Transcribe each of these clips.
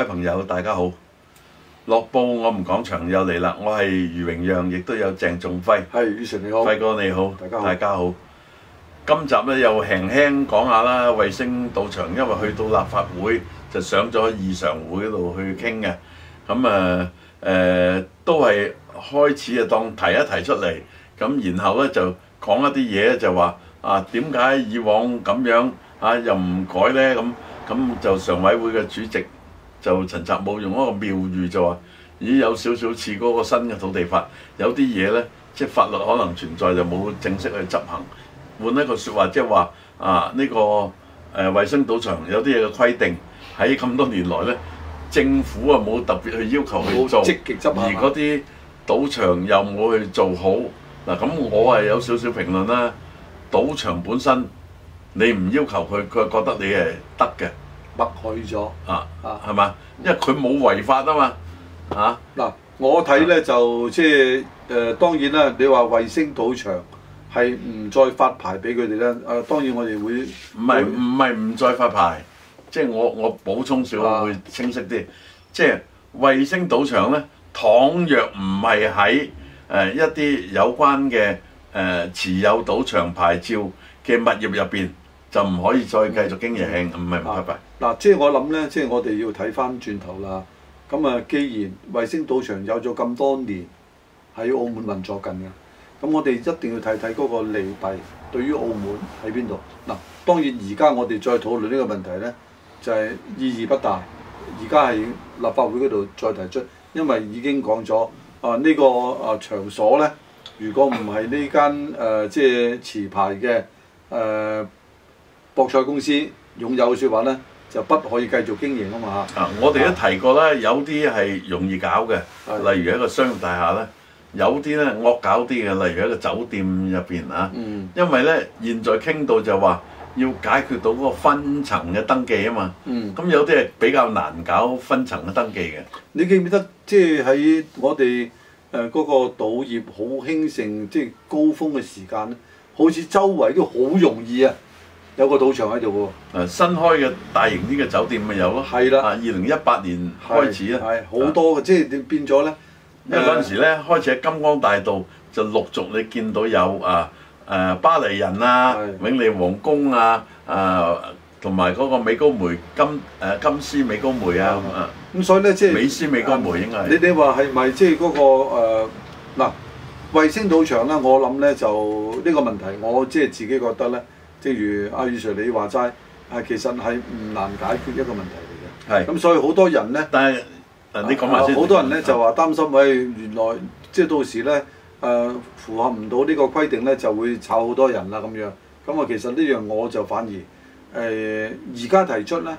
各位朋友，大家好！《樂報》我哋講場又嚟啦，我係余榮陽，亦都有鄭仲輝。係宇晨你好，輝哥你好，大家大家好。今集咧又輕輕講下啦，衞星賭場，因為去到立法會就上咗二常會度去傾嘅。咁啊誒都係開始啊，當提一提出嚟咁，然後咧就講一啲嘢就話啊，點解以往咁樣啊又唔改咧？咁咁就常委會嘅主席。就陳澤武用一個妙語就話：咦，有少少似嗰個新嘅土地法，有啲嘢呢，即係法律可能存在就冇正式去執行。換一個説話，即係話啊，呢、這個誒衛星賭場有啲嘢嘅規定，喺咁多年來呢，政府啊冇特別去要求去做、積極執行，而嗰啲賭場又冇去做好。嗱、啊，咁我係有少少評論啦。賭場本身你唔要求佢，佢覺得你係得嘅。白去咗啊啊，係嘛？因為佢冇違法嘛啊嘛嚇嗱，我睇咧就即係誒當然啦，你話衞星賭場係唔再發牌俾佢哋咧？誒、啊、當然我哋會唔係唔係唔再發牌，即、就、係、是、我我補充少、啊、會清晰啲，即係衞星賭場咧，倘若唔係喺誒一啲有關嘅誒、呃、持有賭場牌照嘅物業入邊。就唔可以再繼續經營，唔係唔得嗱，即係我諗呢，即係我哋要睇翻轉頭啦。咁啊，既然衛星賭場有咗咁多年喺澳門運作緊嘅，咁我哋一定要睇睇嗰個利弊對於澳門喺邊度。嗱、啊，當然而家我哋再討論呢個問題呢，就係、是、意義不大。而家係立法會嗰度再提出，因為已經講咗啊，呢、呃這個啊場所呢，如果唔係呢間誒即係持牌嘅誒。呃博彩公司擁有嘅説話呢，就不可以繼續經營啊嘛！啊，我哋都提過啦，有啲係容易搞嘅，的例如一個商業大廈呢，有啲呢惡搞啲嘅，例如一個酒店入邊啊。嗯、因為呢，現在傾到就話要解決到嗰個分層嘅登記啊嘛。咁、嗯、有啲係比較難搞分層嘅登記嘅。你記唔記得即係喺我哋誒嗰個賭業好興盛，即係高峰嘅時間呢，好似周圍都好容易啊！有個賭場喺度喎，新開嘅大型啲嘅酒店咪有咯，係啦的，二零一八年開始啦，係好多嘅，即係變咗咧，因為嗰陣時咧開始喺金光大道就陸續你見到有誒誒、啊啊、巴黎人啊、的永利皇宮啊、誒同埋嗰個美高梅金誒、啊、金絲美高梅啊，咁所以咧即係美絲美高梅應該係你哋話係咪即係嗰個誒嗱，衞星賭場咧？我諗咧就呢個問題，我即係自己覺得咧。即如阿雨 Sir 你話齋，係其實係唔難解決一個問題嚟嘅。係的。咁所以好多人呢，但係是、啊、你講埋先，好多人呢就話擔心，喂、哎，原來即係、就是、到時呢，誒、呃、符合唔到呢個規定呢，就會炒好多人啦咁樣。咁啊，其實呢樣我就反而誒而家提出呢，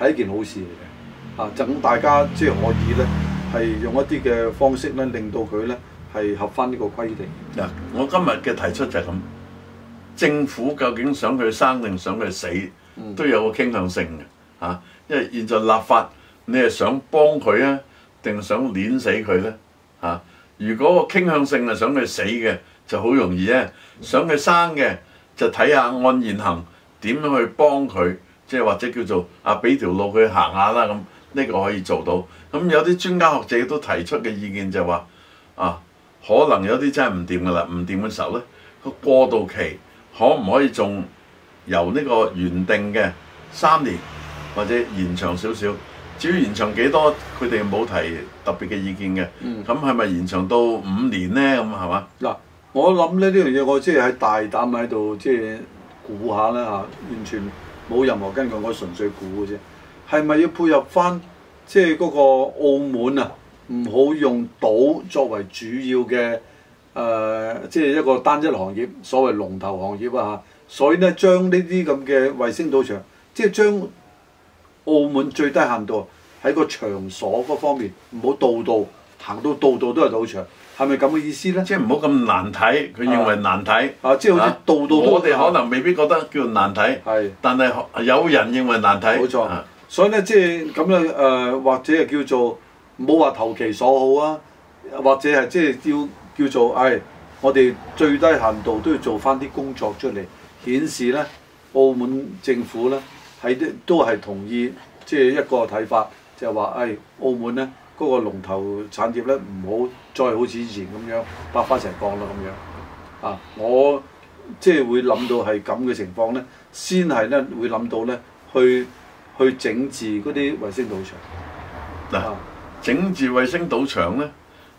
係一件好事嚟嘅。嚇、啊，就咁大家即係可以呢，係用一啲嘅方式呢，令到佢呢，係合翻呢個規定。嗱，我今日嘅提出就係咁。政府究竟想佢生定想佢死，都有個傾向性嘅嚇、啊。因為現在立法，你係想幫佢啊，定想碾死佢呢？嚇、啊？如果個傾向性係想佢死嘅，就好容易咧。想佢生嘅，就睇下按現行點樣去幫佢，即係或者叫做啊俾條路佢行下啦咁。呢個可以做到。咁有啲專家學者都提出嘅意見就話、是、啊，可能有啲真係唔掂噶啦，唔掂嘅時候呢，個過渡期。可唔可以仲由呢個原定嘅三年，或者延長少少？至於延長幾多，佢哋冇提特別嘅意見嘅。咁係咪延長到五年呢？咁係嘛？嗱、嗯，我諗咧呢樣嘢，我即係大膽喺度即係估下啦嚇，完全冇任何根據，我純粹估嘅啫。係咪要配合翻即係嗰個澳門啊？唔好用島作為主要嘅。誒、呃，即係一個單一行業，所謂龍頭行業啊！所以咧，將呢啲咁嘅衛星賭場，即係將澳門最低限度喺個場所嗰方面，唔好度度行到度度都係賭場，係咪咁嘅意思咧？即係唔好咁難睇，佢認為難睇啊，啊！即係好似度度都我哋可能未必覺得叫難睇，係、啊，但係有人認為難睇，係，冇錯。啊、所以咧，即係咁樣，誒或者係叫做唔好話投其所好啊，或者係即係要。叫做唉，我哋最低限度都要做翻啲工作出嚟，顯示咧澳門政府咧係啲都係同意，即係一個睇法，就係話唉澳門咧嗰個龍頭產業咧唔好再好似以前咁樣百花齊放啦咁樣啊，我即係會諗到係咁嘅情況咧，先係咧會諗到咧去去整治嗰啲衛星賭場，嗱，整治衛星賭場咧？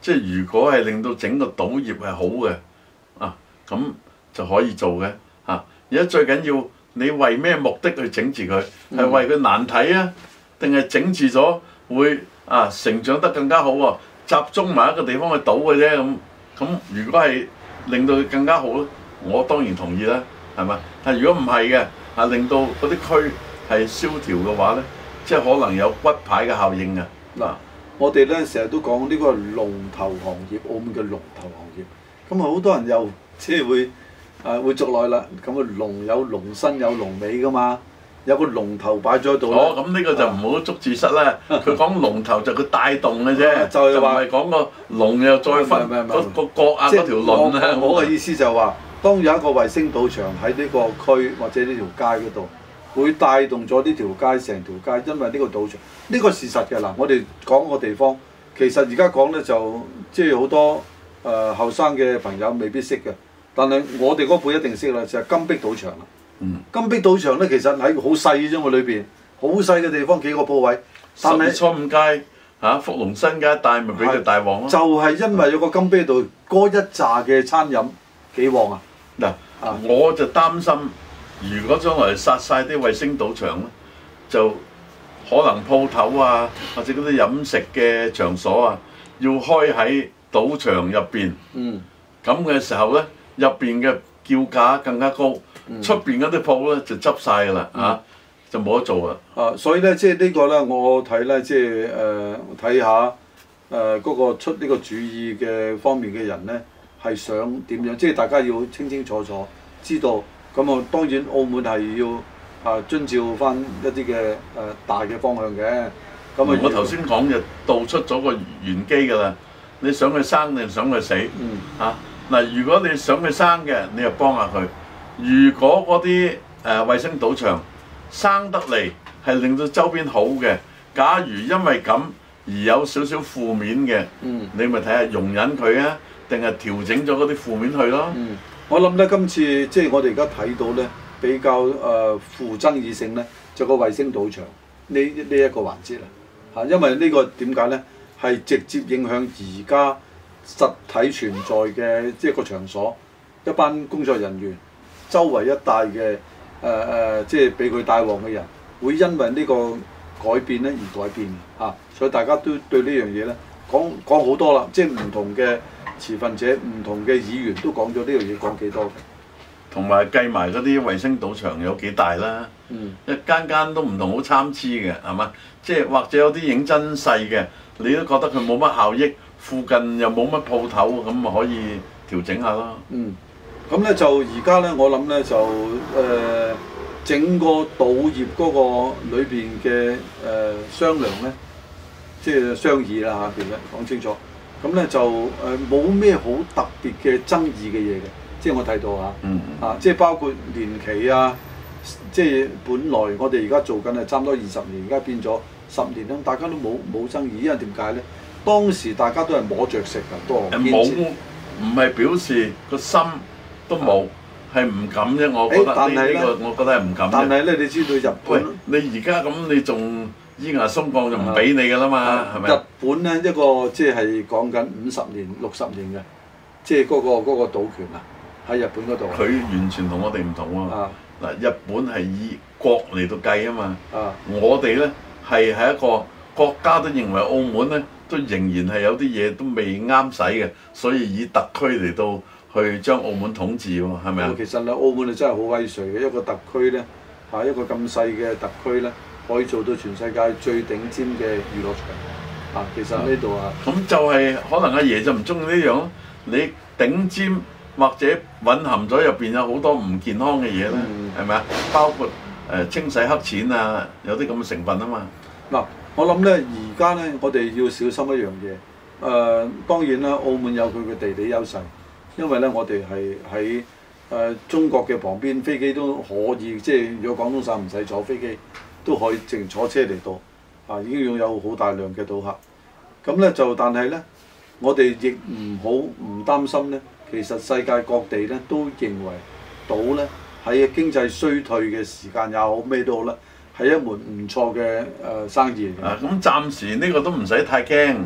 即係如果係令到整個賭業係好嘅啊，咁就可以做嘅嚇。而、啊、家最緊要你為咩目的去整治佢？係為佢難睇啊，定係整治咗會啊成長得更加好喎、啊？集中埋一個地方去賭嘅啫咁。咁、啊啊、如果係令到佢更加好，我當然同意啦、啊，係嘛？但如果唔係嘅，啊令到嗰啲區係蕭條嘅話呢、啊、即係可能有骨牌嘅效應啊嗱。啊我哋咧成日都講呢個龍頭行業，澳門嘅龍頭行業，咁啊好多人又即係會誒會捉來啦。咁個龍有龍身有龍尾㗎嘛，有個龍頭擺咗喺度。哦，咁呢個就唔好捉字蝨啦。佢講龍頭就佢帶動嘅啫。就係話係講個龍又再分個個角啊，即係條龍。我嘅意思就話，當有一個衛星賭場喺呢個區或者呢條街嗰度。會帶動咗呢條街成條街，因為呢個賭場，呢、這個事實嘅嗱。我哋講個地方，其實而家講呢，就即係好多誒後生嘅朋友未必識嘅，但係我哋嗰輩一定識啦，就係、是、金碧賭場、嗯、金碧賭場呢，其實喺好細啫嘛，裏邊好細嘅地方，幾個鋪位。十月初五街嚇、啊，福隆新街帶咪俾條大旺咯。啊、就係因為有個金碧道，嗰、嗯、一紮嘅餐飲幾旺啊！嗱、啊，啊、我就擔心。如果將來殺晒啲衛星賭場咧，就可能鋪頭啊，或者嗰啲飲食嘅場所啊，要開喺賭場入邊。嗯。咁嘅時候咧，入邊嘅叫價更加高，出邊嗰啲鋪咧就執晒噶啦，吓、嗯啊、就冇得做啦。啊，所以咧、就是，即係呢個咧，我睇咧，即係誒，睇下誒嗰個出呢個主意嘅方面嘅人咧，係想點樣？即、就、係、是、大家要清清楚楚知道。咁我當然澳門係要啊遵照翻一啲嘅誒，大嘅方向嘅。咁啊，我頭先講嘅道出咗個玄機㗎啦。你想佢生定想佢死？嗯。嚇嗱，如果你想佢生嘅，你又幫下佢。如果嗰啲誒衞星賭場生得嚟係令到周邊好嘅，假如因為咁而有少少負面嘅，嗯，你咪睇下容忍佢啊，定係調整咗嗰啲負面去咯。嗯。我諗咧，今次即係我哋而家睇到呢比較誒負爭議性呢，就個衛星賭場呢呢一個環節啊嚇，因為呢個點解呢，係直接影響而家實體存在嘅即係個場所，一班工作人員，周圍一帶嘅誒誒，即係俾佢帶旺嘅人，會因為呢個改變咧而改變嚇，所以大家都對呢樣嘢呢講講好多啦，即係唔同嘅，持份者唔同嘅議員都講咗呢樣嘢，講幾多嘅，同埋計埋嗰啲衞星賭場有幾大啦，嗯，一間間都唔同，好參差嘅，係嘛？即係或者有啲影真細嘅，你都覺得佢冇乜效益，附近又冇乜鋪頭，咁咪可以調整下咯。嗯，咁咧就而家呢，我諗呢，就誒、呃、整個賭業嗰個裏邊嘅誒商量呢，即係商議啦、啊、嚇，其實講清楚。咁咧就誒冇咩好特別嘅爭議嘅嘢嘅，即係我睇到嚇，嗯嗯啊即係包括年期啊，即係本來我哋而家做緊係差唔多二十年，而家變咗十年啦，大家都冇冇爭議，因為點解咧？當時大家都係摸着食嘅多，冇唔係表示個心都冇，係唔、啊、敢啫。我覺得但係呢呢個，我覺得係唔敢。但係咧，你知道日本，你而家咁，你仲？依牙松降就唔俾你㗎啦嘛，係咪、啊？吧日本呢，一個即係講緊五十年、六十年嘅，即係嗰個嗰、嗰個賭權啊，喺、啊、日本嗰度。佢完全同我哋唔同喎。嗱，日本係以國嚟到計啊嘛。啊我哋呢，係喺一個國家都認為澳門呢，都仍然係有啲嘢都未啱使嘅，所以以特區嚟到去將澳門統治喎，係咪啊？其實啦，澳門啊真係好威水嘅一個特區呢，嚇一個咁細嘅特區呢。可以做到全世界最頂尖嘅娛樂場啊！其實呢度啊，咁、啊啊、就係、是、可能阿爺就唔中意呢樣咯。你頂尖或者混含咗入邊有好多唔健康嘅嘢咧，係咪啊？包括誒、呃、清洗黑錢啊，有啲咁嘅成分啊嘛。嗱、啊，我諗呢而家呢，我哋要小心一樣嘢。誒、呃，當然啦，澳門有佢嘅地理優勢，因為呢，我哋係喺誒中國嘅旁邊，飛機都可以，即係如果廣東省唔使坐飛機。都可以直坐車嚟到，啊已經擁有好大量嘅賭客，咁呢就但係呢，我哋亦唔好唔擔心呢其實世界各地呢，都認為賭呢喺經濟衰退嘅時間也好，咩都好啦，係一門唔錯嘅誒、呃、生意。啊，咁暫時呢個都唔使太驚，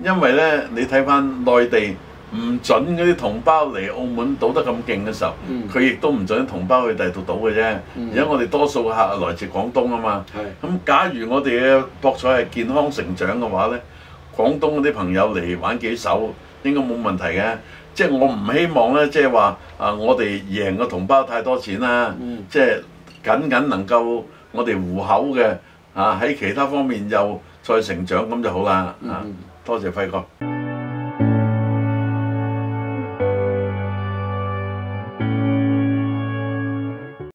因為呢，你睇返內地。唔准嗰啲同胞嚟澳門賭得咁勁嘅時候，佢亦都唔准同胞去第度賭嘅啫。而家、嗯、我哋多數客來自廣東啊嘛。咁是假如我哋嘅博彩係健康成長嘅話呢，廣東嗰啲朋友嚟玩幾手應該冇問題嘅。即、就、係、是、我唔希望呢，即係話啊，我哋贏嘅同胞太多錢啦。即係、嗯、僅僅能夠我哋糊口嘅啊，喺其他方面又再成長咁就好啦、啊。多謝輝哥。